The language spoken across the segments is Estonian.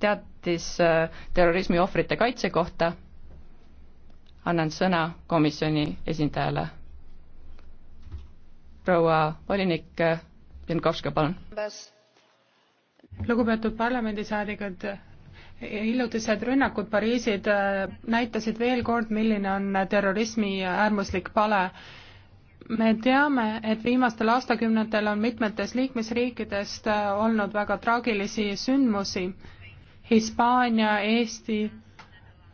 teatis äh, terrorismi ohvrite kaitse kohta. annan sõna komisjoni esindajale. proua volinik Jankovska, äh, palun. lugupeetud parlamendisaadikud, hiljutised rünnakud Pariisid äh, näitasid veel kord, milline on terrorismi äärmuslik pale me teame, et viimastel aastakümnetel on mitmetes liikmesriikidest olnud väga traagilisi sündmusi Hispaania, Eesti,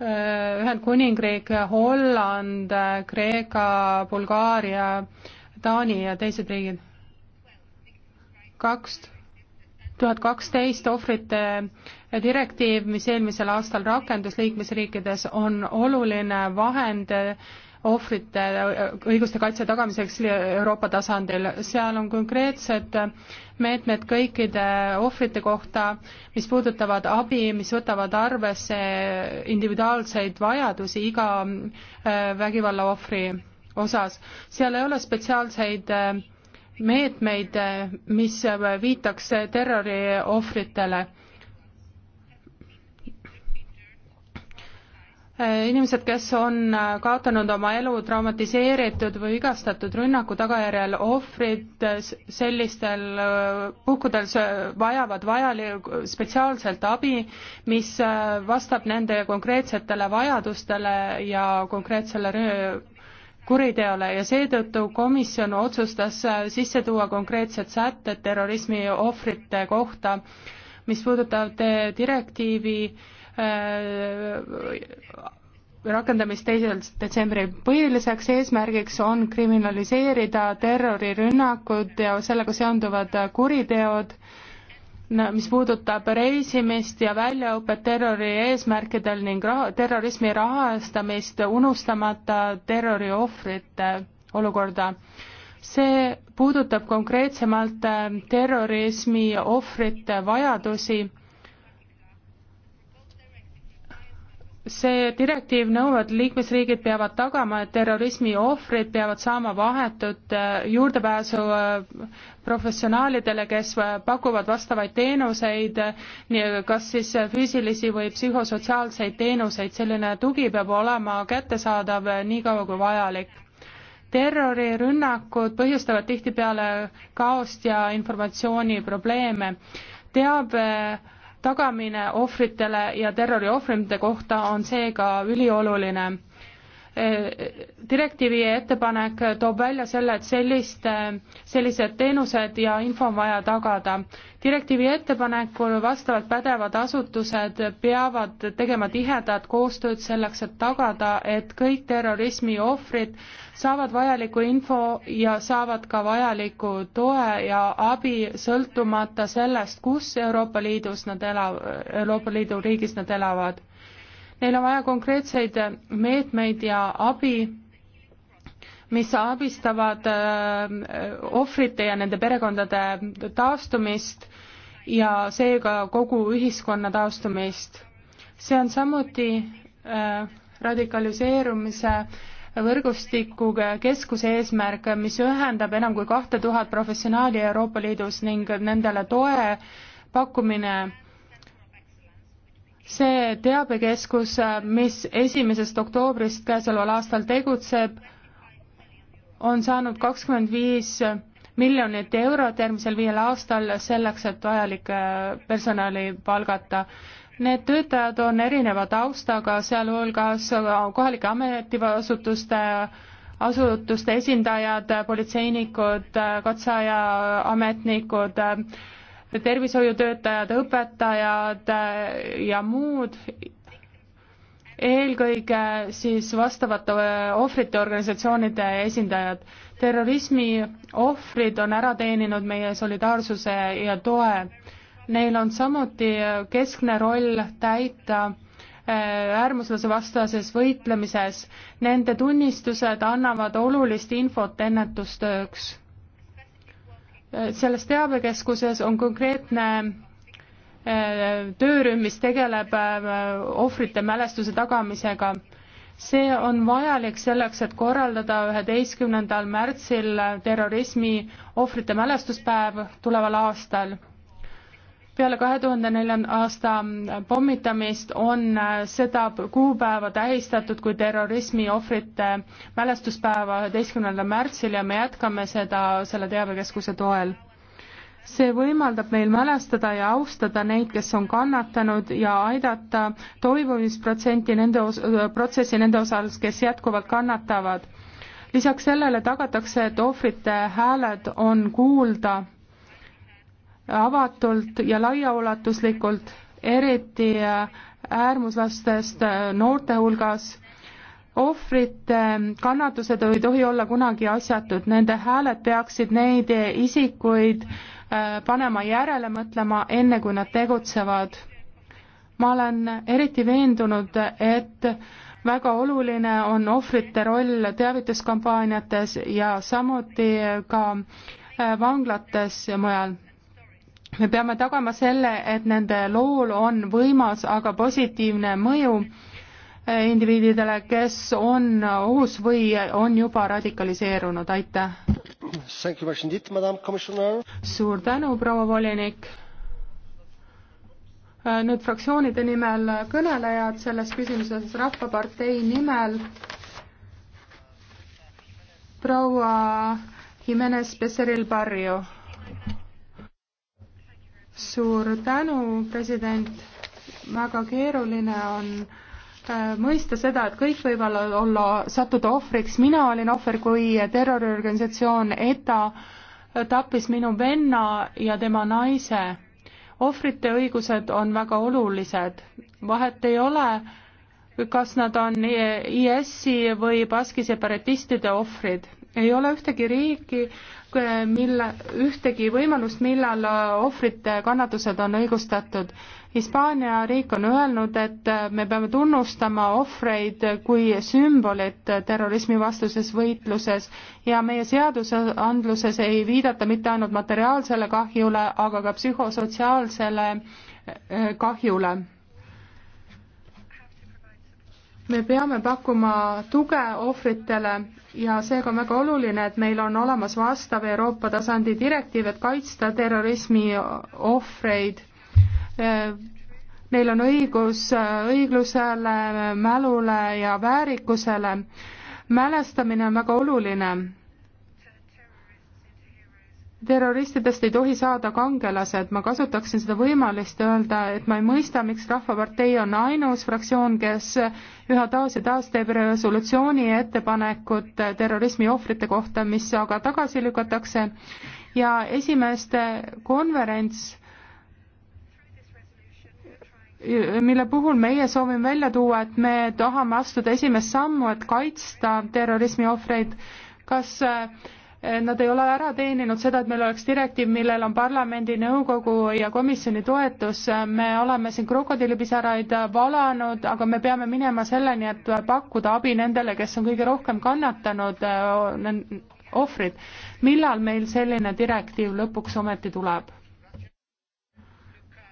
äh, Ühendkuningriik, Holland, Kreeka, Bulgaaria, Taani ja teised riigid. kaks tuhat kaksteist ohvrite direktiiv, mis eelmisel aastal rakendus liikmesriikides, on oluline vahend ohvrite õiguste kaitse tagamiseks Euroopa tasandil. seal on konkreetsed meetmed kõikide ohvrite kohta, mis puudutavad abi, mis võtavad arvesse individuaalseid vajadusi iga äh, vägivalla ohvri osas. seal ei ole spetsiaalseid äh, meetmeid, äh, mis viitaks terroriohvritele Äh, inimesed, kes on äh, kaotanud oma elu traumatiseeritud või vigastatud rünnaku tagajärjel, ohvrid äh, sellistel puhkudel vajavad vajali-, spetsiaalselt abi, mis vastab nende konkreetsetele vajadustele ja konkreetsele kuriteole ja seetõttu komisjon otsustas sisse tuua konkreetsed sätted terrorismi ohvrite kohta, mis puudutab direktiivi Äh, rakendamist teisel detsembril. põhiliseks eesmärgiks on kriminaliseerida terrorirünnakud ja sellega seonduvad kuriteod, mis puudutab reisimist ja väljaõpet terrori eesmärkidel ning raha, terrorismi rahastamist, unustamata terroriohvrite olukorda. see puudutab konkreetsemalt terrorismi ohvrite vajadusi see direktiiv nõuab, et liikmesriigid peavad tagama, et terrorismi ohvrid peavad saama vahetut äh, juurdepääsu äh, professionaalidele, kes äh, pakuvad vastavaid teenuseid, kas siis füüsilisi või psühhosotsiaalseid teenuseid, selline tugi peab olema kättesaadav niikaua kui vajalik. terrorirünnakud põhjustavad tihtipeale kaost ja informatsiooniprobleeme. teabe tagamine ohvritele ja terroriohvrite kohta on seega ülioluline direktiivi ettepanek toob välja selle, et sellist, sellised teenused ja info on vaja tagada. direktiivi ettepanekul vastavad pädevad asutused peavad tegema tihedat koostööd selleks, et tagada, et kõik terrorismi ohvrid saavad vajalikku info ja saavad ka vajalikku toe ja abi, sõltumata sellest, kus Euroopa Liidus nad elav, Euroopa Liidu riigis nad elavad Neil on vaja konkreetseid meetmeid ja abi, mis abistavad äh, ohvrite ja nende perekondade taastumist ja seega kogu ühiskonna taastumist. see on samuti äh, radikaliseerumise võrgustiku keskuse eesmärk, mis ühendab enam kui kahte tuhat professionaali Euroopa Liidus ning nendele toe pakkumine see teabekeskus, mis esimesest oktoobrist käesoleval aastal tegutseb, on saanud kakskümmend viis miljonit eurot järgmisel viiel aastal selleks, et vajalik äh, personali palgata. Need töötajad on erineva taustaga, sealhulgas kohalike ametiasutuste asutuste esindajad, politseinikud, katseaja ametnikud, tervishoiutöötajad, õpetajad äh, ja muud, eelkõige siis vastavate äh, ohvrite organisatsioonide esindajad. terrorismi ohvrid on ära teeninud meie solidaarsuse ja toe. Neil on samuti äh, keskne roll täita äärmuslase vastases võitlemises. Nende tunnistused annavad olulist infot ennetustööks selles teabekeskuses on konkreetne äh, töörühm, mis tegeleb äh, ohvrite mälestuse tagamisega. see on vajalik selleks, et korraldada üheteistkümnendal märtsil terrorismi ohvrite mälestuspäev tuleval aastal peale kahe tuhande neljanda aasta pommitamist on äh, seda kuupäeva tähistatud kui terrorismi ohvrite mälestuspäeva üheteistkümnendal märtsil ja me jätkame seda selle teabekeskuse toel. see võimaldab meil mälestada ja austada neid, kes on kannatanud ja aidata toimumisprotsenti nende os-, protsessi nende osas, kes jätkuvalt kannatavad. lisaks sellele tagatakse, et ohvrite hääled on kuulda avatult ja laiaulatuslikult, eriti äärmuslastest noorte hulgas. ohvrite kannatused ei tohi olla kunagi asjatud, nende hääled peaksid neid isikuid äh, panema järele mõtlema, enne kui nad tegutsevad. ma olen eriti veendunud, et väga oluline on ohvrite roll teavituskampaaniates ja samuti ka äh, vanglates ja mujal me peame tagama selle, et nende lool on võimas, aga positiivne mõju eh, indiviididele, kes on ohus või on juba radikaliseerunud, aitäh! suur tänu, proua volinik! Eh, nüüd fraktsioonide nimel kõnelejad selles küsimuses, Rahvapartei nimel proua Jimenez Becerril Barrio suur tänu, president. väga keeruline on äh, mõista seda, et kõik võivad olla, sattuda ohvriks, mina olin ohver, kui terroriorganisatsioon ETA tappis minu venna ja tema naise. ohvrite õigused on väga olulised, vahet ei ole, kas nad on IS-i või Baski separatistide ohvrid ei ole ühtegi riiki, mille, ühtegi võimalust, millal ohvrite kannatused on õigustatud. Hispaania riik on öelnud, et me peame tunnustama ohvreid kui sümbolit terrorismivastuses võitluses ja meie seadusandluses ei viidata mitte ainult materiaalsele kahjule, aga ka psühhosotsiaalsele kahjule me peame pakkuma tuge ohvritele ja seega on väga oluline, et meil on olemas vastav Euroopa tasandi direktiiv, et kaitsta terrorismi ohvreid. E, neil on õigus õiglusele, mälule ja väärikusele. mälestamine on väga oluline terroristidest ei tohi saada kangelased, ma kasutaksin seda võimalust öelda, et ma ei mõista, miks Rahvapartei on ainus fraktsioon, kes üha taas ja taas teeb resolutsiooni ettepanekut terrorismi ohvrite kohta, mis aga tagasi lükatakse ja esimeeste konverents mille puhul meie soovime välja tuua, et me tahame astuda esimest sammu, et kaitsta terrorismi ohvreid. kas äh, Eh, nad ei ole ära teeninud seda, et meil oleks direktiiv, millel on parlamendi, nõukogu ja komisjoni toetus. me oleme siin krokodillipisaraid valanud, aga me peame minema selleni, et pakkuda abi nendele, kes on kõige rohkem kannatanud, eh, ohvrid. millal meil selline direktiiv lõpuks ometi tuleb?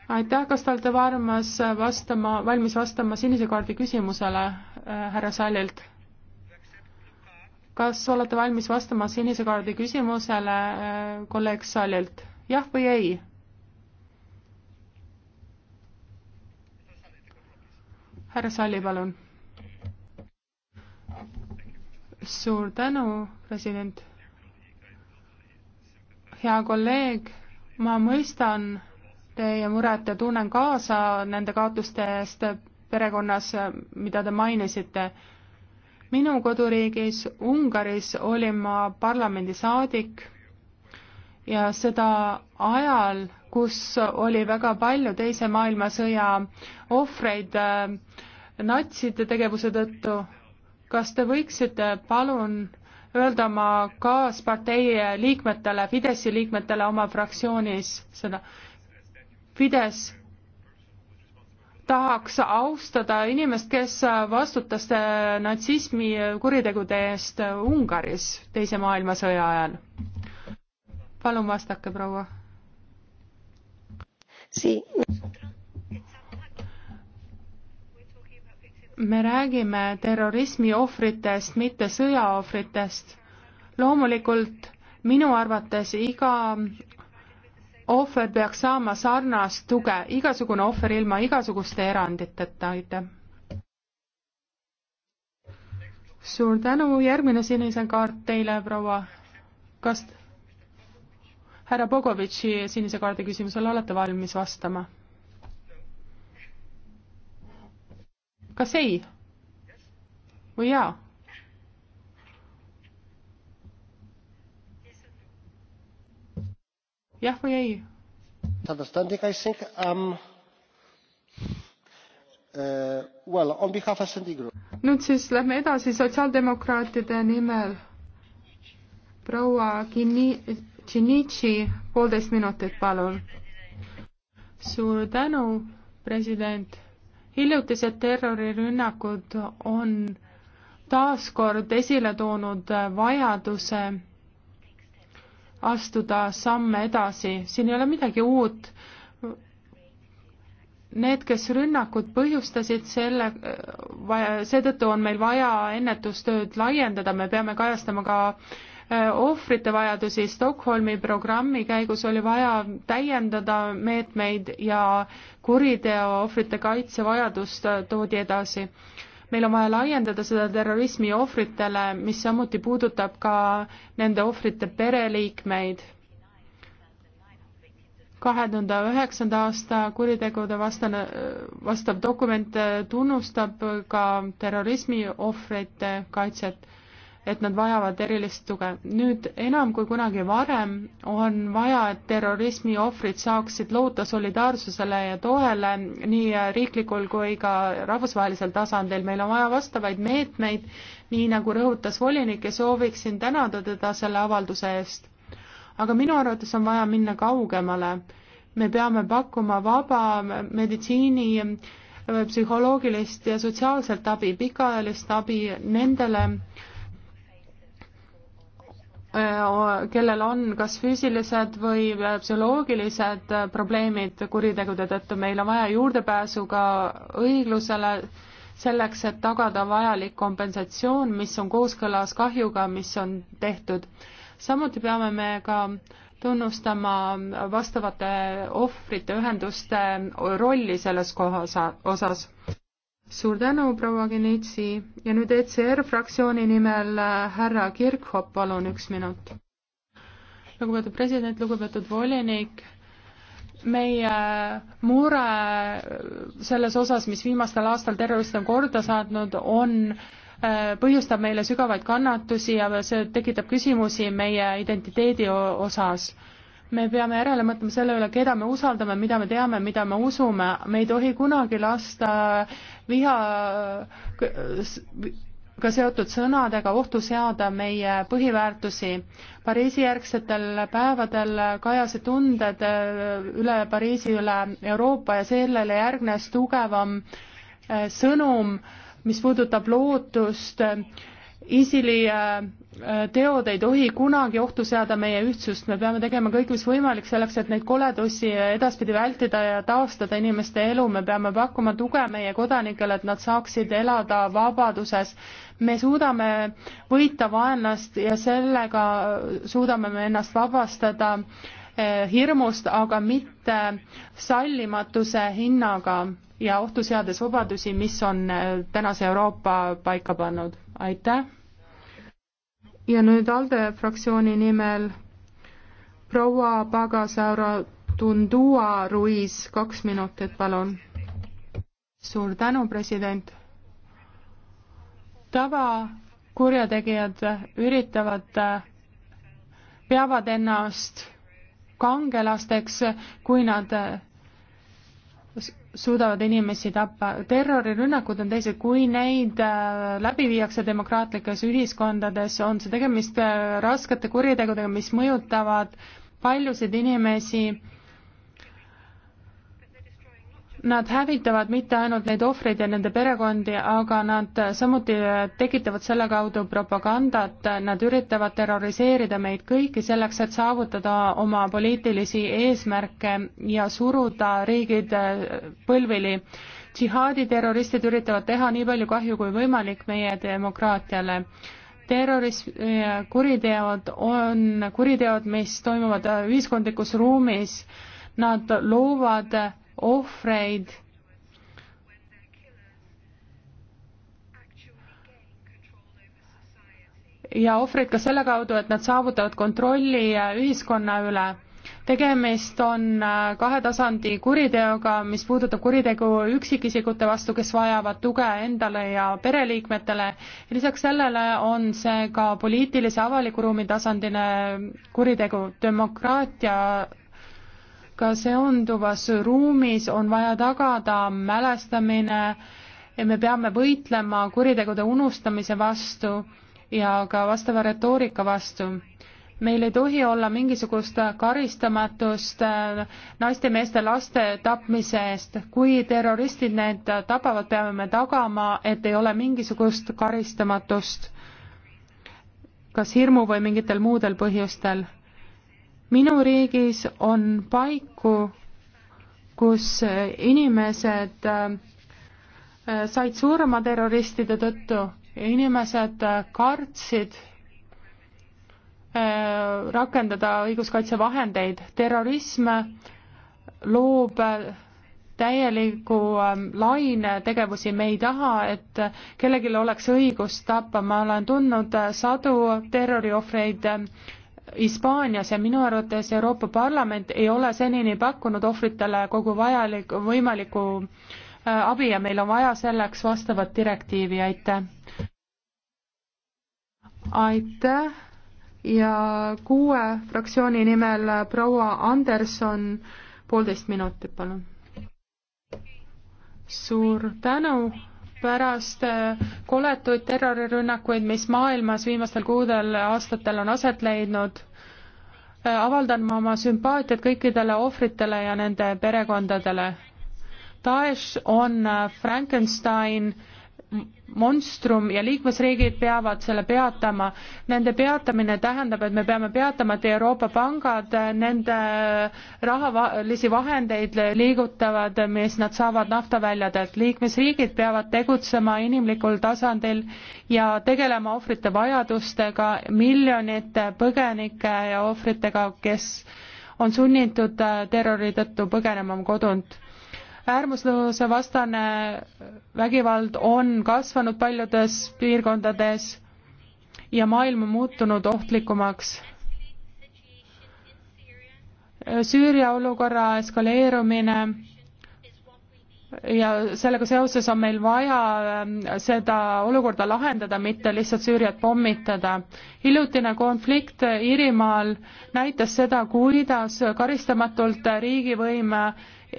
aitäh, kas te olete varmas vastama, valmis vastama sinise kaardi küsimusele äh, härra Sallilt? kas olete valmis vastama sinise kaardi küsimusele äh, kolleeg Salilt, jah või ei? härra Sali, palun. suur tänu, president. hea kolleeg, ma mõistan teie muret ja tunnen kaasa nende kaotuste eest perekonnas, mida te mainisite minu koduriigis Ungaris olin ma parlamendisaadik ja seda ajal, kus oli väga palju Teise maailmasõja ohvreid äh, natside tegevuse tõttu. kas te võiksite palun öelda oma kaaspartei liikmetele, Fidesi liikmetele oma fraktsioonis seda, Fides tahaks austada inimest, kes vastutas natsismi kuritegude eest Ungaris Teise maailmasõja ajal. palun vastake, proua. me räägime terrorismi ohvritest, mitte sõjaohvritest. loomulikult minu arvates iga ohver peaks saama sarnast tuge, igasugune ohver ilma igasuguste eranditeta, aitäh. suur tänu, järgmine sinise kaart teile, proua. kas härra Bogovitši sinise kaardi küsimusele olete valmis vastama? kas ei? või jaa? jah või ei? E, nüüd siis lähme edasi sotsiaaldemokraatide nimel proua Tšinitši, poolteist minutit, palun. suur tänu, president. hiljutised terrorirünnakud on taas kord esile toonud vajaduse astuda samme edasi, siin ei ole midagi uut. Need, kes rünnakud põhjustasid, selle, seetõttu on meil vaja ennetustööd laiendada, me peame kajastama ka äh, ohvrite vajadusi, Stockholmi programmi käigus oli vaja täiendada meetmeid ja kuriteo ohvrite kaitse vajadust äh, toodi edasi meil on vaja laiendada seda terrorismi ohvritele, mis samuti puudutab ka nende ohvrite pereliikmeid. kahe tuhande üheksanda aasta kuritegude vastane, vastav dokument tunnustab ka terrorismi ohvrite kaitset et nad vajavad erilist tuge. nüüd enam kui kunagi varem on vaja, et terrorismi ohvrid saaksid loota solidaarsusele ja toele nii riiklikul kui ka rahvusvahelisel tasandil. meil on vaja vastavaid meetmeid, nii nagu rõhutas volinik ja sooviksin tänada teda selle avalduse eest. aga minu arvates on vaja minna kaugemale. me peame pakkuma vaba meditsiini psühholoogilist ja sotsiaalset abi, pikaajalist abi nendele, Äh, kellel on kas füüsilised või äh, psühholoogilised äh, probleemid kuritegude tõttu, meil on vaja juurdepääsu ka õiglusele, selleks, et tagada vajalik kompensatsioon, mis on kooskõlas kahjuga, mis on tehtud. samuti peame me ka tunnustama vastavate ohvrite ühenduste rolli selles kohas, osas suur tänu, proua Genitsi ja nüüd ECR fraktsiooni nimel äh, härra Kirchhoff, palun üks minut. lugupeetud president, lugupeetud volinik meie mure selles osas, mis viimastel aastal terrorist on korda saatnud, on, äh, põhjustab meile sügavaid kannatusi ja see tekitab küsimusi meie identiteedi osas. me peame järele mõtlema selle üle, keda me usaldame, mida me teame, mida me usume, me ei tohi kunagi lasta vihaga seotud sõnadega ohtu seada meie põhiväärtusi. Pariisi järgsetel päevadel kajasid tunded üle Pariisi, üle Euroopa ja sellele järgnes tugevam eh, sõnum, mis puudutab lootust äh, ISILi äh, äh, teod ei tohi kunagi ohtu seada meie ühtsust, me peame tegema kõik, mis võimalik selleks, et neid koledusi edaspidi vältida ja taastada inimeste elu, me peame pakkuma tuge meie kodanikele, et nad saaksid elada vabaduses. me suudame võita vaenlast ja sellega suudame me ennast vabastada äh, hirmust, aga mitte sallimatuse hinnaga ja ohtu seades vabadusi, mis on tänase Euroopa paika pannud aitäh. ja nüüd ALDE fraktsiooni nimel proua Pagasaura Tundua Ruiz, kaks minutit, palun. suur tänu, president. tavakurjategijad üritavad, äh, peavad ennast kangelasteks, kui nad äh, suudavad inimesi tappa. terrorirünnakud on teised, kui neid äh, läbi viiakse demokraatlikes ühiskondades, on see tegemist äh, raskete kuritegudega, mis mõjutavad paljusid inimesi Nad hävitavad mitte ainult neid ohvreid ja nende perekondi, aga nad samuti tekitavad selle kaudu propagandat, nad üritavad terroriseerida meid kõiki selleks, et saavutada oma poliitilisi eesmärke ja suruda riigid põlvili. džihaaditerroristid üritavad teha nii palju kahju kui võimalik meie demokraatiale terrorismi kuriteod on kuriteod, mis toimuvad ühiskondlikus ruumis, nad loovad ohvreid ja ohvreid ka selle kaudu, et nad saavutavad kontrolli ühiskonna üle. tegemist on äh, kahe tasandi kuriteoga, mis puudutab kuritegu üksikisikute vastu, kes vajavad tuge endale ja pereliikmetele. lisaks sellele on see ka poliitilise avaliku ruumi tasandine kuritegu demokraatia ka seonduvas ruumis on vaja tagada mälestamine ja me peame võitlema kuritegude unustamise vastu ja ka vastava retoorika vastu. meil ei tohi olla mingisugust karistamatust äh, naiste, meeste, laste tapmise eest. kui terroristid need tapavad, peame me tagama, et ei ole mingisugust karistamatust kas hirmu või mingitel muudel põhjustel minu riigis on paiku, kus inimesed äh, said surma terroristide tõttu, inimesed äh, kartsid äh, rakendada õiguskaitsevahendeid. terrorism loob täieliku ähm, laine tegevusi, me ei taha, et kellelgi oleks õigus tappa, ma olen tundnud sadu terroriohvreid Hispaanias ja minu arvates Euroopa Parlament ei ole senini pakkunud ohvritele kogu vajalik, võimalikku äh, abi ja meil on vaja selleks vastavat direktiivi, aitäh. aitäh ja kuue fraktsiooni nimel proua Anderson, poolteist minutit, palun. suur tänu pärast äh, koletuid terrorirünnakuid, mis maailmas viimastel kuudel, aastatel on aset leidnud, äh, avaldan ma oma sümpaatiat kõikidele ohvritele ja nende perekondadele. Daesh on äh, Frankenstein monstrum ja liikmesriigid peavad selle peatama. Nende peatamine tähendab, et me peame peatama, et Euroopa pangad nende rahalisi vahendeid liigutavad, mis nad saavad naftaväljadelt. liikmesriigid peavad tegutsema inimlikul tasandil ja tegelema ohvrite vajadustega, miljonite põgenike ja ohvritega, kes on sunnitud terrori tõttu põgenema kodunt äärmusluse vastane vägivald on kasvanud paljudes piirkondades ja maailm on muutunud ohtlikumaks. Süüria olukorra eskaleerumine ja sellega seoses on meil vaja ähm, seda olukorda lahendada, mitte lihtsalt Süüriat pommitada. hiljutine konflikt Iirimaal näitas seda, kuidas karistamatult riigivõim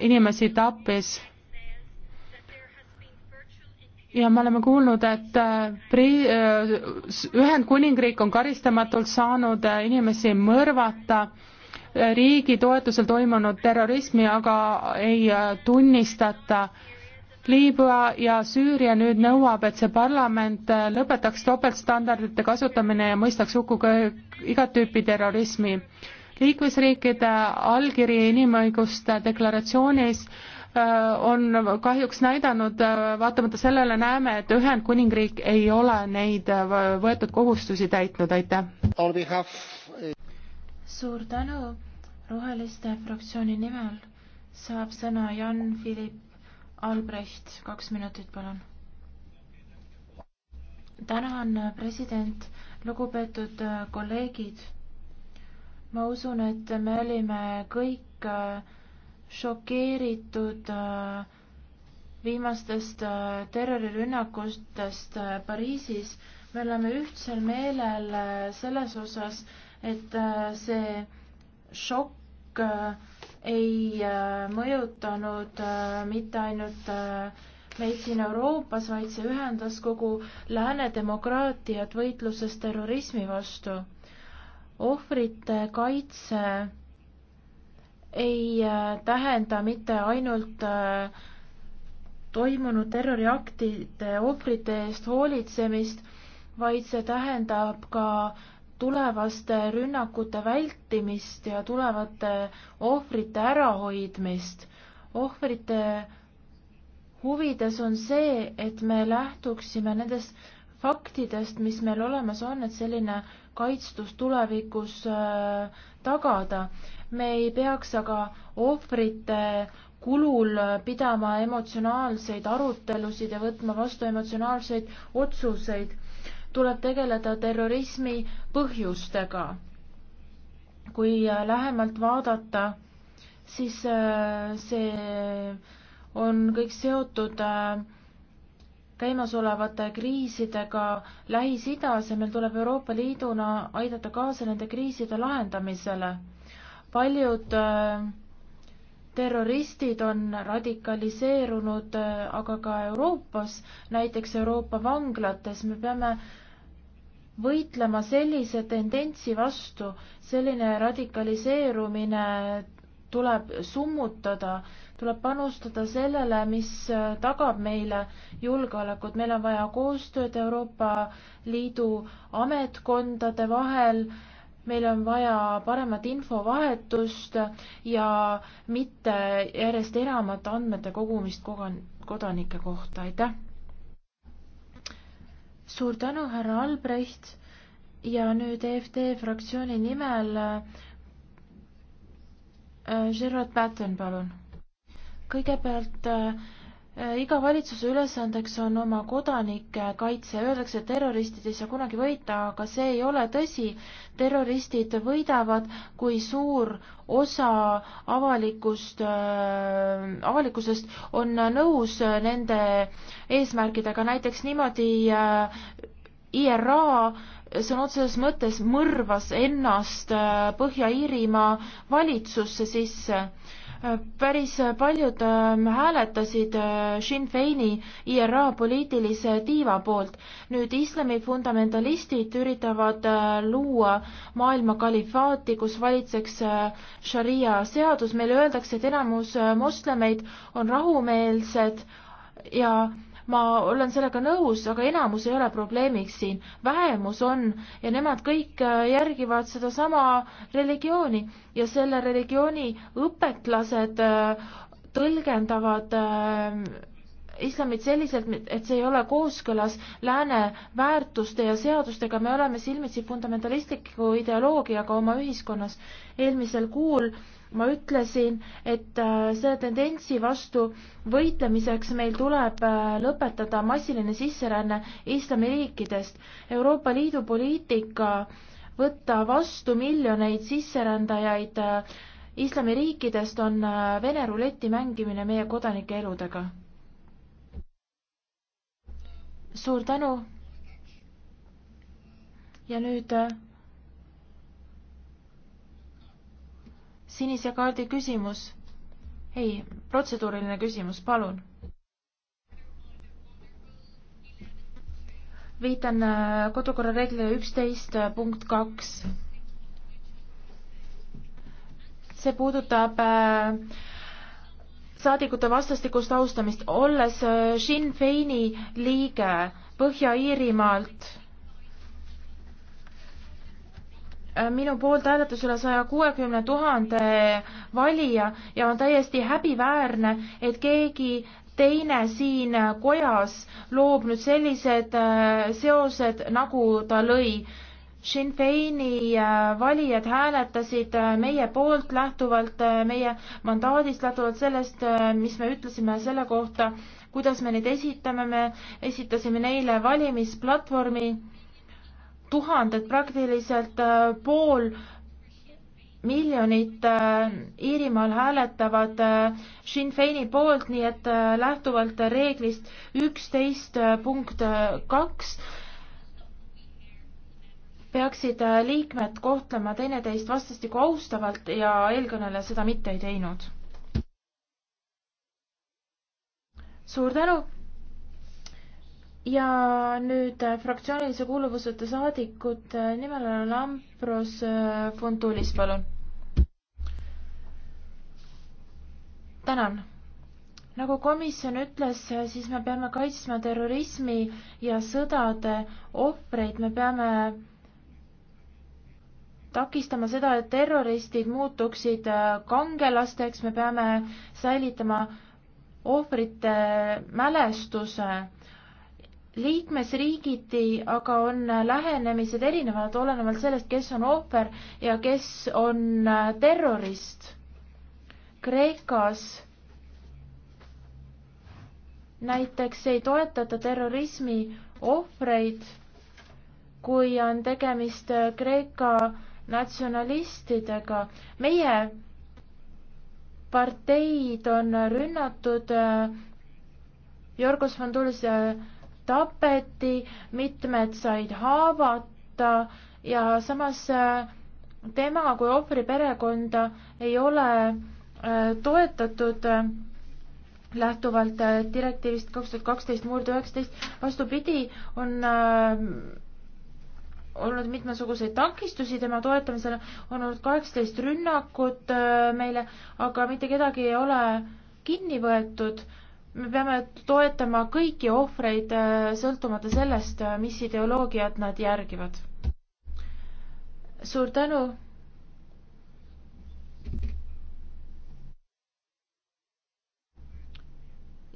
inimesi tappis. ja me oleme kuulnud, et äh, Pri-, äh, Ühendkuningriik on karistamatult saanud äh, inimesi mõrvata riigi toetusel toimunud terrorismi, aga ei tunnistata. Liibüa ja Süüria nüüd nõuab, et see parlament lõpetaks topeltstandardite kasutamine ja mõistaks hukku ka igat tüüpi terrorismi liikmesriikide allkiri inimõiguste deklaratsioonis äh, on kahjuks näidanud, äh, vaatamata sellele näeme, et Ühendkuningriik ei ole neid äh, võetud kohustusi täitnud, aitäh. suur tänu, Roheliste fraktsiooni nimel saab sõna Jan-Philipp Albrecht, kaks minutit, palun. tänan, president, lugupeetud kolleegid ma usun, et me olime kõik äh, šokeeritud äh, viimastest äh, terrorirünnakutest Pariisis. me oleme ühtsel meelel selles osas, et see šokk ei mõjutanud mitte ainult meid siin Euroopas, vaid see ühendas kogu lääne demokraatiat võitluses terrorismi vastu ohvrite kaitse ei äh, tähenda mitte ainult äh, toimunud terroriaktide ohvrite eest hoolitsemist, vaid see tähendab ka tulevaste rünnakute vältimist ja tulevate ohvrite ärahoidmist. ohvrite huvides on see, et me lähtuksime nendest faktidest, mis meil olemas on, et selline kaitstus tulevikus äh, tagada. me ei peaks aga ohvrite kulul pidama emotsionaalseid arutelusid ja võtma vastu emotsionaalseid otsuseid. tuleb tegeleda terrorismi põhjustega. kui äh, lähemalt vaadata, siis äh, see on kõik seotud äh, käimasolevate kriisidega Lähis-Idas ja meil tuleb Euroopa Liiduna aidata kaasa nende kriiside lahendamisele. paljud äh, terroristid on radikaliseerunud äh, aga ka Euroopas, näiteks Euroopa vanglates, me peame võitlema sellise tendentsi vastu, selline radikaliseerumine tuleb summutada tuleb panustada sellele, mis äh, tagab meile julgeolekut, meil on vaja koostööd Euroopa Liidu ametkondade vahel, meil on vaja paremat infovahetust ja mitte järjest enamat andmete kogumist kodanike kohta, aitäh! suur tänu, härra Albrecht ja nüüd EFD fraktsiooni nimel äh, Gerard Patten, palun kõigepealt äh, äh, iga valitsuse ülesandeks on oma kodanike kaitse, öeldakse, et terroristid ei saa kunagi võita, aga see ei ole tõsi. terroristid võidavad, kui suur osa avalikust äh,, avalikkusest on nõus nende eesmärkidega, näiteks niimoodi äh, IRA sõna otseses mõttes mõrvas ennast äh, Põhja-Iirimaa valitsusse sisse päris paljud ähm, hääletasid äh, Sinn Feini IRA poliitilise tiiva poolt. nüüd islami fundamentalistid üritavad äh, luua maailma kalifaati, kus valitseks äh, šaria seadus. meile öeldakse, et enamus moslemeid on rahumeelsed ja ma olen sellega nõus, aga enamus ei ole probleemiks siin, vähemus on ja nemad kõik äh, järgivad sedasama religiooni ja selle religiooni õpetlased äh, tõlgendavad äh, islamit selliselt, et see ei ole kooskõlas lääne väärtuste ja seadustega, me oleme silmitsi fundamentalistliku ideoloogiaga oma ühiskonnas. eelmisel kuul äh, ma ütlesin, et äh, selle tendentsi vastu võitlemiseks meil tuleb äh, lõpetada massiline sisseränne islamiriikidest. Euroopa Liidu poliitika võtta vastu miljoneid sisserändajaid äh, islamiriikidest on Vene ruleti mängimine meie kodanike eludega. suur tänu. ja nüüd sinise kaardi küsimus. ei, protseduuriline küsimus, palun. viitan äh, kodukorra reeglile üksteist äh, punkt kaks. see puudutab äh, saadikute vastastikust austamist, olles äh, Sinn Feini liige Põhja-Iirimaalt Äh, minu poolt hääletas üle saja kuuekümne tuhande valija ja on täiesti häbiväärne, et keegi teine siin kojas loob nüüd sellised äh, seosed, nagu ta lõi. Sinn Feini äh, valijad hääletasid meie poolt lähtuvalt meie mandaadist, lähtuvalt sellest, mis me ütlesime selle kohta, kuidas me neid esitame, me esitasime neile valimisplatvormi tuhanded, praktiliselt äh, pool miljonit äh, Iirimaal hääletavad äh, Sinn Feini poolt, nii et lähtuvalt reeglist üksteist punkt kaks peaksid liikmed kohtlema teineteist vastastikku austavalt ja eelkõneleja seda mitte ei teinud. suur tänu ja nüüd äh, fraktsioonilise kuuluvuseta saadikute äh, nimel on Lampros äh, Funtulis, palun. tänan. nagu komisjon ütles, siis me peame kaitsma terrorismi ja sõdade ohvreid, me peame takistama seda, et terroristid muutuksid kangelasteks, me peame säilitama ohvrite mälestuse liikmesriigiti aga on lähenemised erinevad olenevalt sellest, kes on ohver ja kes on äh, terrorist. Kreekas näiteks ei toetata terrorismi ohvreid, kui on tegemist äh, Kreeka natsionalistidega. meie parteid on rünnatud Jorgos äh, Vandulis tapeti, mitmed said haavata ja samas äh, tema kui ohvri perekonda ei ole äh, toetatud äh, lähtuvalt direktiivist kaks tuhat kaksteist murd üheksateist, vastupidi, on äh, olnud mitmesuguseid takistusi tema toetamisele, on olnud kaheksateist rünnakut äh, meile, aga mitte kedagi ei ole kinni võetud me peame toetama kõiki ohvreid, äh, sõltumata sellest, äh, mis ideoloogiat nad järgivad. suur tänu.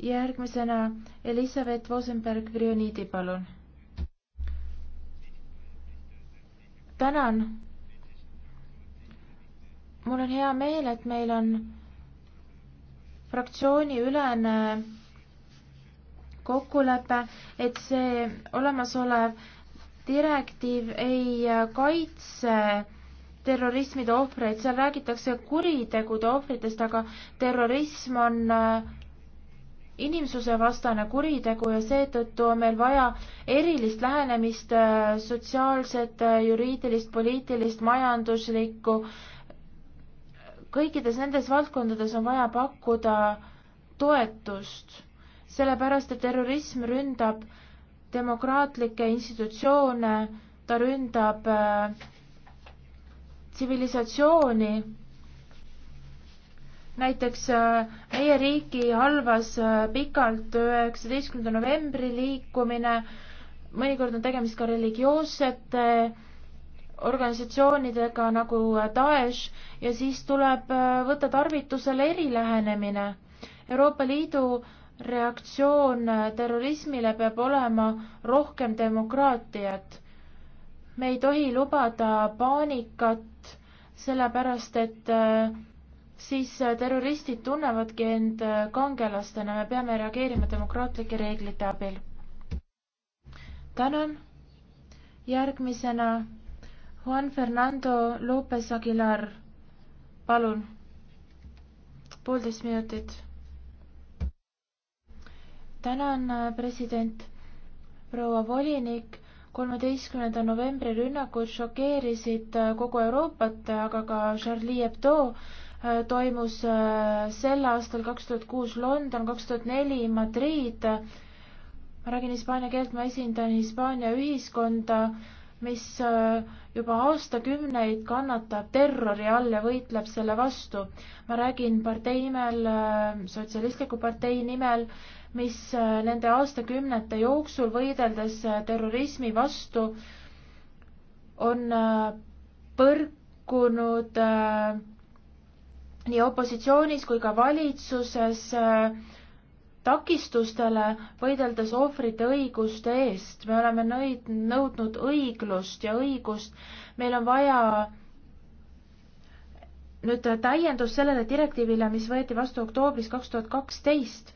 järgmisena Elizabeth Vosenberg-Vrionidi, palun. tänan. mul on hea meel, et meil on fraktsiooniülene kokkulepe, et see olemasolev direktiiv ei kaitse terrorismide ohvreid, seal räägitakse kuritegude ohvritest, aga terrorism on äh, inimsusevastane kuritegu ja seetõttu on meil vaja erilist lähenemist, äh, sotsiaalset, äh, juriidilist, poliitilist, majanduslikku kõikides nendes valdkondades on vaja pakkuda toetust, sellepärast et terrorism ründab demokraatlikke institutsioone, ta ründab äh, tsivilisatsiooni äh,. näiteks äh, meie riiki halvas äh, pikalt üheksateistkümnenda novembri liikumine, mõnikord on tegemist ka religioossete äh, organisatsioonidega nagu Daesh ja siis tuleb äh, võtta tarvitusele erilähenemine. Euroopa Liidu reaktsioon äh, terrorismile peab olema rohkem demokraatiat. me ei tohi lubada paanikat, sellepärast et äh, siis terroristid tunnevadki end kangelastena, me peame reageerima demokraatlike reeglite abil. tänan, järgmisena Juan Fernando Lopez Aguilar, palun, poolteist minutit. tänan, äh, president, proua volinik kolmeteistkümnenda novembri rünnakud šokeerisid äh, kogu Euroopat, aga ka Charlie Hebdo äh, toimus sel aastal kaks tuhat kuus London, kaks tuhat neli Madrid. ma räägin hispaania keelt, ma esindan Hispaania ühiskonda mis äh, juba aastakümneid kannatab terrori all ja võitleb selle vastu. ma räägin partei nimel, äh, Sotsialistliku partei nimel, mis äh, nende aastakümnete jooksul võideldes terrorismi vastu on põrkunud nii opositsioonis kui ka valitsuses äh, takistustele, võideldes ohvrite õiguste eest. me oleme nõid, nõudnud õiglust ja õigust. meil on vaja nüüd täiendus sellele direktiivile, mis võeti vastu oktoobris kaks tuhat kaksteist.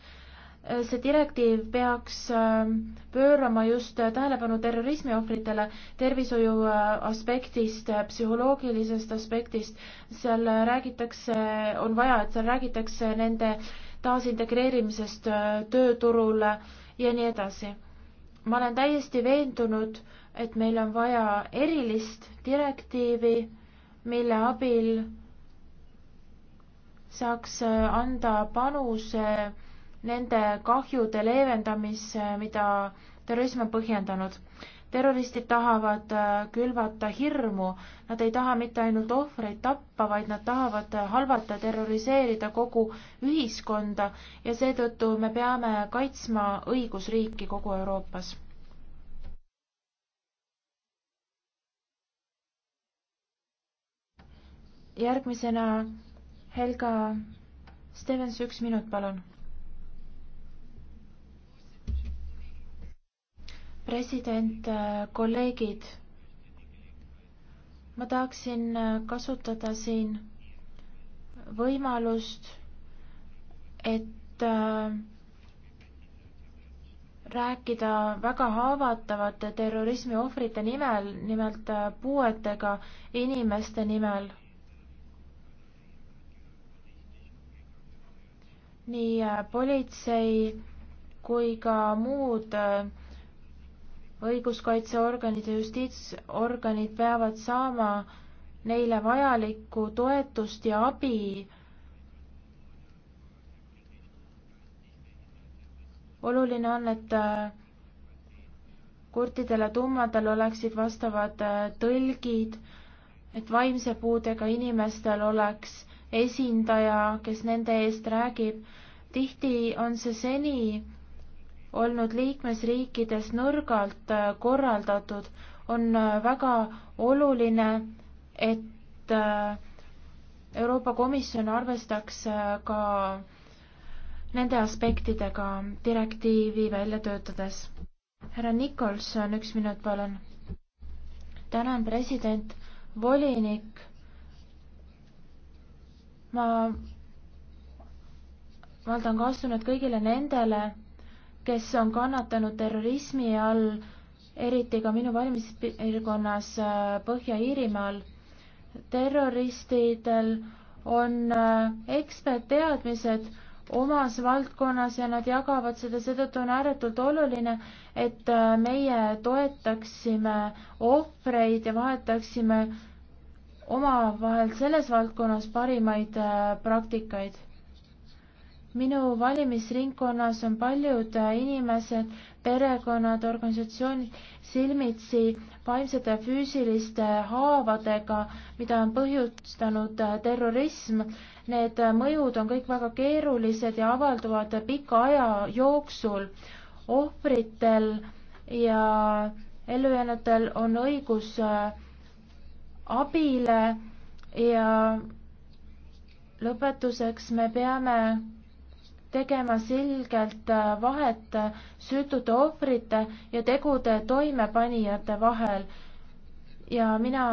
see direktiiv peaks ähm, pöörama just tähelepanu terrorismi ohvritele tervishoiu äh, aspektist, äh, psühholoogilisest aspektist. seal räägitakse, on vaja, et seal räägitakse nende taasintegreerimisest äh, tööturule ja nii edasi. ma olen täiesti veendunud, et meil on vaja erilist direktiivi, mille abil saaks äh, anda panuse nende kahjude leevendamisse, mida terrorism on põhjendanud terroristid tahavad äh, külvata hirmu, nad ei taha mitte ainult ohvreid tappa, vaid nad tahavad äh, halvata, terroriseerida kogu ühiskonda ja seetõttu me peame kaitsma õigusriiki kogu Euroopas. järgmisena Helga Stevens, üks minut, palun president, äh, kolleegid. ma tahaksin äh, kasutada siin võimalust, et äh, rääkida väga haavatavate terrorismi ohvrite nimel, nimelt puuetega inimeste nimel. nii politsei kui ka muud äh, õiguskaitseorganid ja justiitsorganid peavad saama neile vajalikku toetust ja abi. oluline on, et äh, kurtidele tummadel oleksid vastavad äh, tõlgid, et vaimse puudega inimestel oleks esindaja, kes nende eest räägib. tihti on see seni olnud liikmesriikides nõrgalt äh, korraldatud, on äh, väga oluline, et äh, Euroopa Komisjon arvestaks ka nende aspektidega direktiivi välja töötades. härra Nikolson, üks minut, palun. tänan, president, volinik. ma avaldan kaastunnet kõigile nendele, kes on kannatanud terrorismi all, eriti ka minu valimispiirkonnas äh, Põhja-Iirimaal. terroristidel on äh, ekspertteadmised omas valdkonnas ja nad jagavad seda, seetõttu on ääretult oluline, et äh, meie toetaksime ohvreid ja vahetaksime omavahel selles valdkonnas parimaid praktikaid minu valimisringkonnas on paljud äh, inimesed, perekonnad, organisatsioonid silmitsi vaimsete ja füüsiliste haavadega, mida on põhjustanud äh, terrorism. Need äh, mõjud on kõik väga keerulised ja avalduvad pika aja jooksul. ohvritel ja ellujäänutel on õigus abile ja lõpetuseks me peame tegema selgelt äh, vahet äh, süütute ohvrite ja tegude toimepanijate vahel. ja mina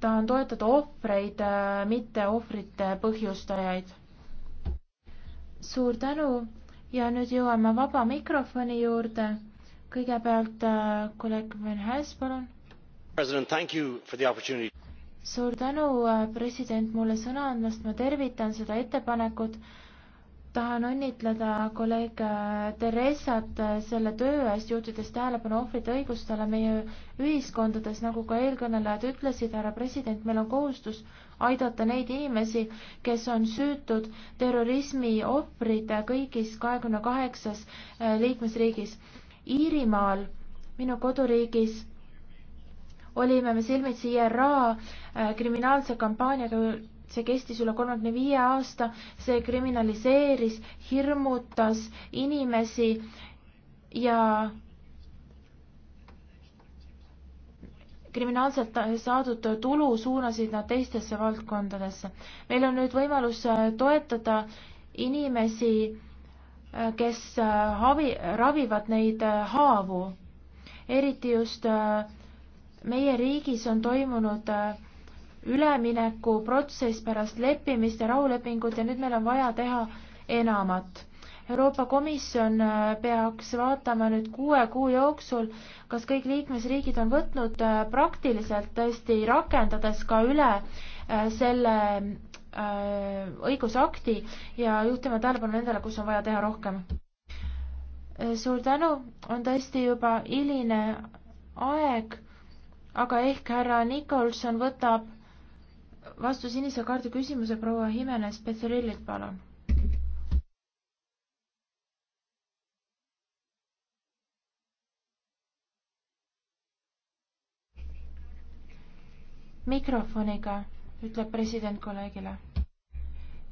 tahan toetada ohvreid, äh, mitte ohvrite põhjustajaid. suur tänu ja nüüd jõuame vaba mikrofoni juurde. kõigepealt kolleeg Van Häs, palun. president, thank you for the opportunity suur tänu, president, mulle sõna andmast, ma tervitan seda ettepanekut tahan õnnitleda kolleeg äh, Theresat äh, selle töö eest, juhtides tähelepanu ohvrite õigustele meie ühiskondades, nagu ka eelkõnelejad ütlesid, härra president, meil on kohustus aidata neid inimesi, kes on süütud terrorismi ohvrid kõigis kahekümne kaheksas äh, liikmesriigis. Iirimaal, minu koduriigis, olime me silmitsi IRA kriminaalse kampaaniaga see kestis üle kolmekümne viie aasta, see kriminaliseeris, hirmutas inimesi ja kriminaalselt saadud tulu suunasid nad teistesse valdkondadesse. meil on nüüd võimalus toetada inimesi, kes havi, ravivad neid haavu. eriti just meie riigis on toimunud äh, üleminekuprotsess pärast leppimist ja rahulepingut ja nüüd meil on vaja teha enamat. Euroopa Komisjon äh, peaks vaatama nüüd kuue kuu jooksul, kas kõik liikmesriigid on võtnud äh, praktiliselt tõesti rakendades ka üle äh, selle õigusakti ja juhtima tähelepanu nendele, kus on vaja teha rohkem. suur tänu, on tõesti juba hiline aeg, aga ehk härra Nikolson võtab vastu sinise kaardi küsimuse proua Jimenez Petserillilt, palun. mikrofoniga, ütleb president kolleegile.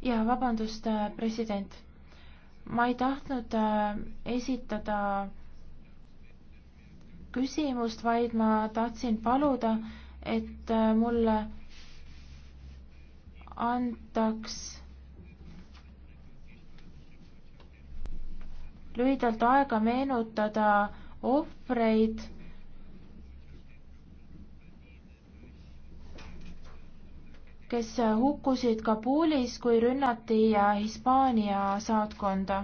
ja vabandust, äh, president, ma ei tahtnud äh, esitada küsimust, vaid ma tahtsin paluda, et äh, mulle antaks lühidalt aega meenutada ohvreid kes hukkusid Kabulis, kui rünnati Hispaania saatkonda.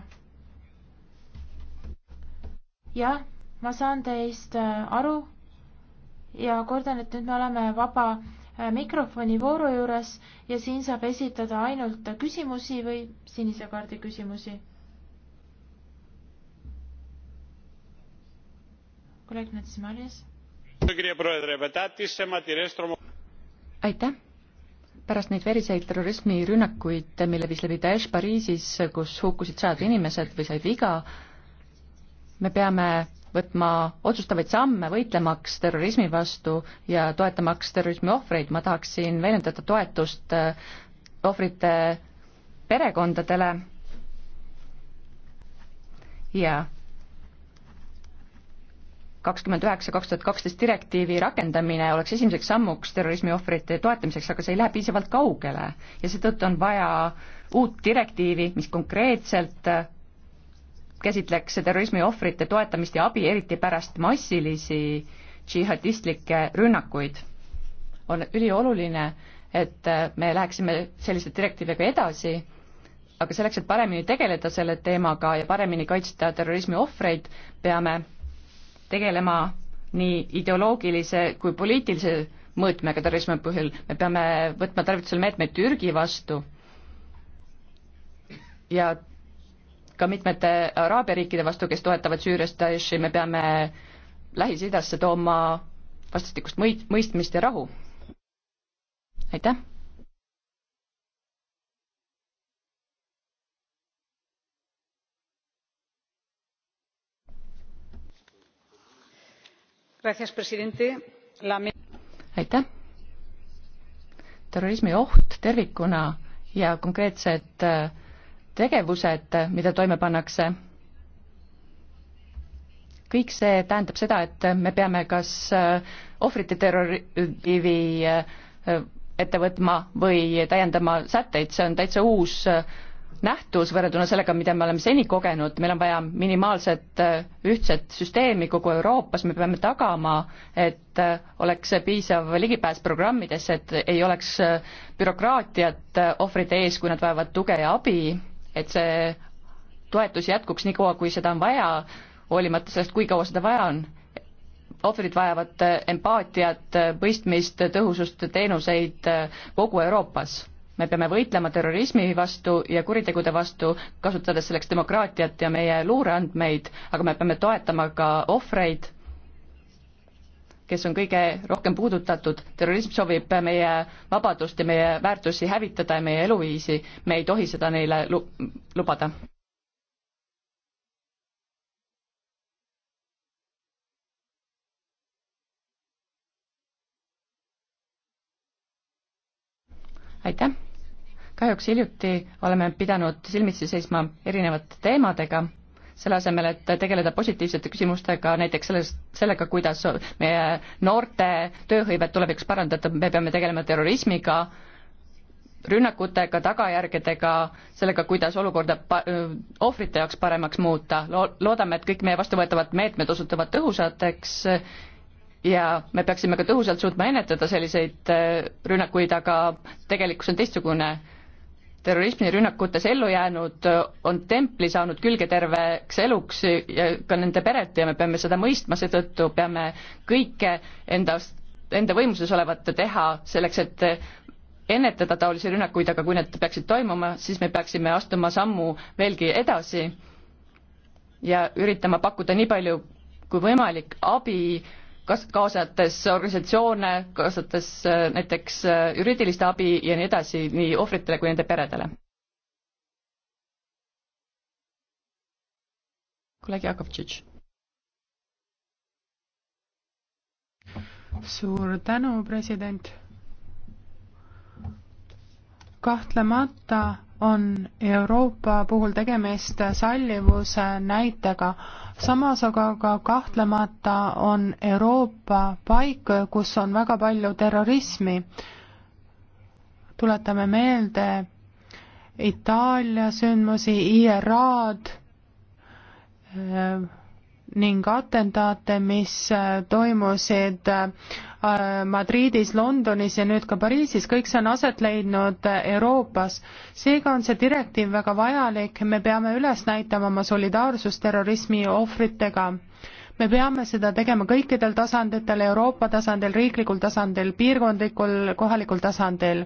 jah, ma saan teist äh, aru ja kordan, et nüüd me oleme vaba Äh, mikrofoni vooru juures ja siin saab esitada ainult küsimusi või sinise kaardi küsimusi. kolleeg Natsimaris. aitäh. pärast neid veriseid terrorismirünnakuid, mille viis läbi Daesh Pariisis, kus hukkusid sajad inimesed või said viga, me peame võtma otsustavaid samme võitlemaks terrorismi vastu ja toetamaks terrorismi ohvreid. ma tahaksin väljendada toetust äh, ohvrite perekondadele ja kakskümmend üheksa, kaks tuhat kaksteist direktiivi rakendamine oleks esimeseks sammuks terrorismi ohvrite toetamiseks, aga see ei lähe piisavalt kaugele ja seetõttu on vaja uut direktiivi, mis konkreetselt käsitleks terrorismi ohvrite toetamist ja abi, eriti pärast massilisi džihadistlikke rünnakuid. on ülioluline, et me läheksime selliste direktiividega edasi, aga selleks, et paremini tegeleda selle teemaga ja paremini kaitsta terrorismi ohvreid, peame tegelema nii ideoloogilise kui poliitilise mõõtmega terrorismi põhjal, me peame võtma tarvitusele meetmeid Türgi vastu ja ka mitmete Araabia riikide vastu, kes toetavad Süürias Daeshi, me peame Lähis-Idasse tooma vastastikust mõi-, mõistmist ja rahu. aitäh! aitäh! terrorismi oht tervikuna ja konkreetsed äh, tegevused, mida toime pannakse, kõik see tähendab seda, et me peame kas äh, ohvrite terroriivi äh, ette võtma või täiendama sätteid, see on täitsa uus äh, nähtus võrrelduna sellega, mida me oleme seni kogenud, meil on vaja minimaalset ühtset süsteemi kogu Euroopas, me peame tagama, et oleks piisav ligipääs programmidesse, et ei oleks bürokraatiat ohvrite ees, kui nad vajavad tuge ja abi et see toetus jätkuks nii kaua, kui seda on vaja, hoolimata sellest, kui kaua seda vaja on. ohvrid vajavad empaatiat, mõistmist, tõhusust, teenuseid kogu Euroopas. me peame võitlema terrorismi vastu ja kuritegude vastu, kasutades selleks demokraatiat ja meie luureandmeid, aga me peame toetama ka ohvreid kes on kõige rohkem puudutatud. terrorism soovib meie vabadust ja meie väärtusi hävitada ja meie eluviisi, me ei tohi seda neile lu-, lubada. aitäh! kahjuks hiljuti oleme pidanud silmitsi seisma erinevate teemadega selle asemel, et tegeleda positiivsete küsimustega, näiteks selles, sellega, kuidas meie noorte tööhõivet tulevikus parandada, me peame tegelema terrorismiga, rünnakutega, tagajärgedega, sellega, kuidas olukorda pa-, ohvrite jaoks paremaks muuta, lo-, loodame, et kõik meie vastuvõetavad meetmed osutuvad tõhusateks ja me peaksime ka tõhusalt suutma ennetada selliseid rünnakuid, aga tegelikkus on teistsugune terrorismirünnakutes ellu jäänud on templi saanud külge terveks eluks ja ka nende peret ja me peame seda mõistma, seetõttu peame kõike endast, enda võimuses olevat teha selleks, et ennetada taolisi rünnakuid, aga kui need peaksid toimuma, siis me peaksime astuma sammu veelgi edasi ja üritama pakkuda nii palju kui võimalik abi kas-, kaasates organisatsioone, kaasates äh, näiteks äh, juriidilist abi ja nii edasi nii ohvritele kui nende peredele. kolleeg Jakovtšitš. suur tänu, president. kahtlemata on Euroopa puhul tegemist sallivuse näitega, samas aga ka kahtlemata on Euroopa paik, kus on väga palju terrorismi. tuletame meelde Itaalia sündmusi, IRA-d, ning atentaate, mis äh, toimusid äh, Madridis, Londonis ja nüüd ka Pariisis, kõik see on aset leidnud äh, Euroopas. seega on see direktiiv väga vajalik, me peame üles näitama oma solidaarsust terrorismi ohvritega. me peame seda tegema kõikidel tasanditel, Euroopa tasandil, riiklikul tasandil, piirkondlikul, kohalikul tasandil.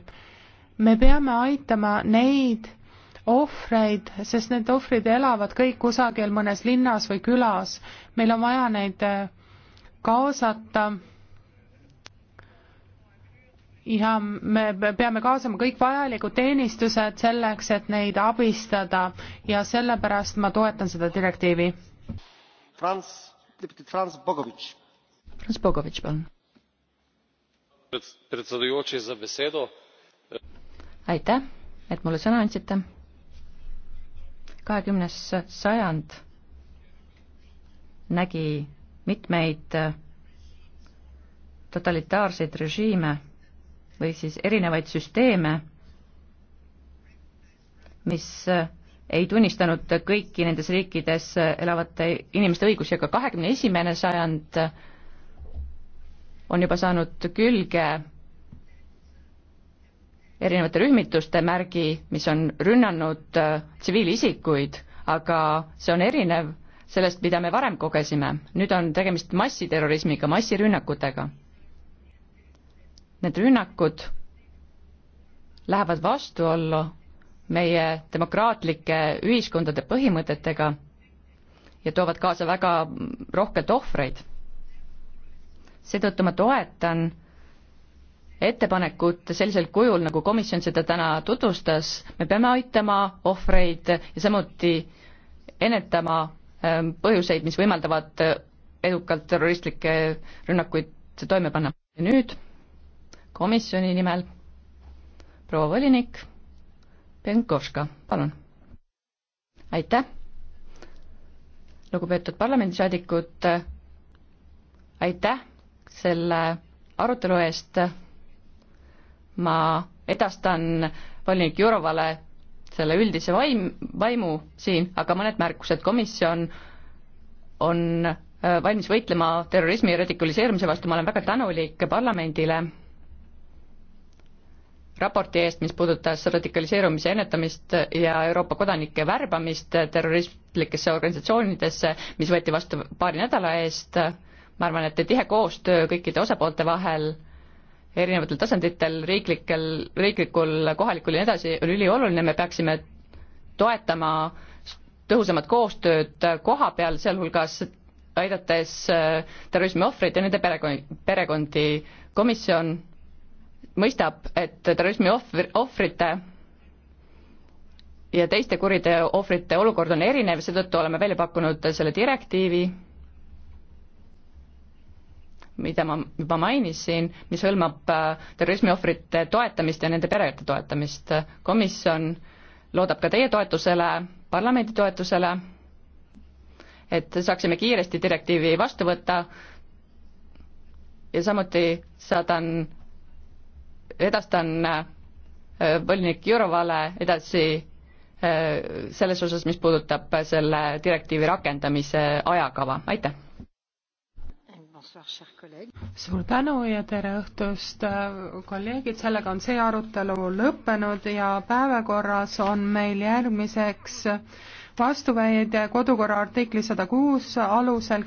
me peame aitama neid, ohvreid, sest need ohvrid elavad kõik kusagil mõnes linnas või külas. meil on vaja neid äh, kaasata ja me peame kaasama kõik vajalikud teenistused selleks, et neid abistada ja sellepärast ma toetan seda direktiivi. Franz, Franz Bogovič. Franz Bogovič, palun. aitäh, et mulle sõna andsite kahekümnes sajand nägi mitmeid äh, totalitaarseid režiime või siis erinevaid süsteeme, mis äh, ei tunnistanud kõiki nendes riikides äh, elavate inimeste õigusi, aga kahekümne esimene sajand on juba saanud külge erinevate rühmituste märgi, mis on rünnanud äh, tsiviilisikuid, aga see on erinev sellest, mida me varem kogesime. nüüd on tegemist massiterrorismiga, massirünnakutega. Need rünnakud lähevad vastuollu meie demokraatlike ühiskondade põhimõtetega ja toovad kaasa väga rohkelt ohvreid. seetõttu ma toetan ettepanekut sellisel kujul, nagu komisjon seda täna tutvustas, me peame aitama ohvreid ja samuti ennetama ähm, põhjuseid, mis võimaldavad äh, edukalt terroristlikke rünnakuid toime panna. ja nüüd komisjoni nimel proua volinik Penkovska, palun. aitäh, lugupeetud parlamendisaadikud, äh, aitäh selle arutelu eest ma edastan volinik Jurovale selle üldise vaim, vaimu siin, aga mõned märkused, komisjon on äh, valmis võitlema terrorismi ja radikaliseerumise vastu, ma olen väga tänulik parlamendile raporti eest, mis puudutas radikaliseerumise ennetamist ja Euroopa kodanike värbamist terroristlikesse organisatsioonidesse, mis võeti vastu paari nädala eest, ma arvan, et tihe koostöö kõikide osapoolte vahel äh, erinevatel tasanditel, riiklikel, riiklikul, kohalikul ja nii edasi, on ülioluline, me peaksime toetama tõhusamat koostööd koha peal, sealhulgas aidates äh, terrorismi ohvreid ja nende perekond, perekondi. komisjon mõistab, et terrorismi ohvri, ohvrite ja teiste kuriteo ohvrite olukord on erinev, seetõttu oleme välja pakkunud selle direktiivi mida ma juba mainisin, mis hõlmab äh, terrorismiohvrite toetamist ja nende perede toetamist. komisjon loodab ka teie toetusele, parlamendi toetusele, et saaksime kiiresti direktiivi vastu võtta ja samuti saadan, edastan äh, volinik Jurovale edasi äh, selles osas, mis puudutab selle direktiivi rakendamise ajakava, aitäh! suur tänu ja tere õhtust, äh, kolleegid, sellega on see arutelu lõppenud ja päevakorras on meil järgmiseks vastuväide kodukorra artikli sada kuus alusel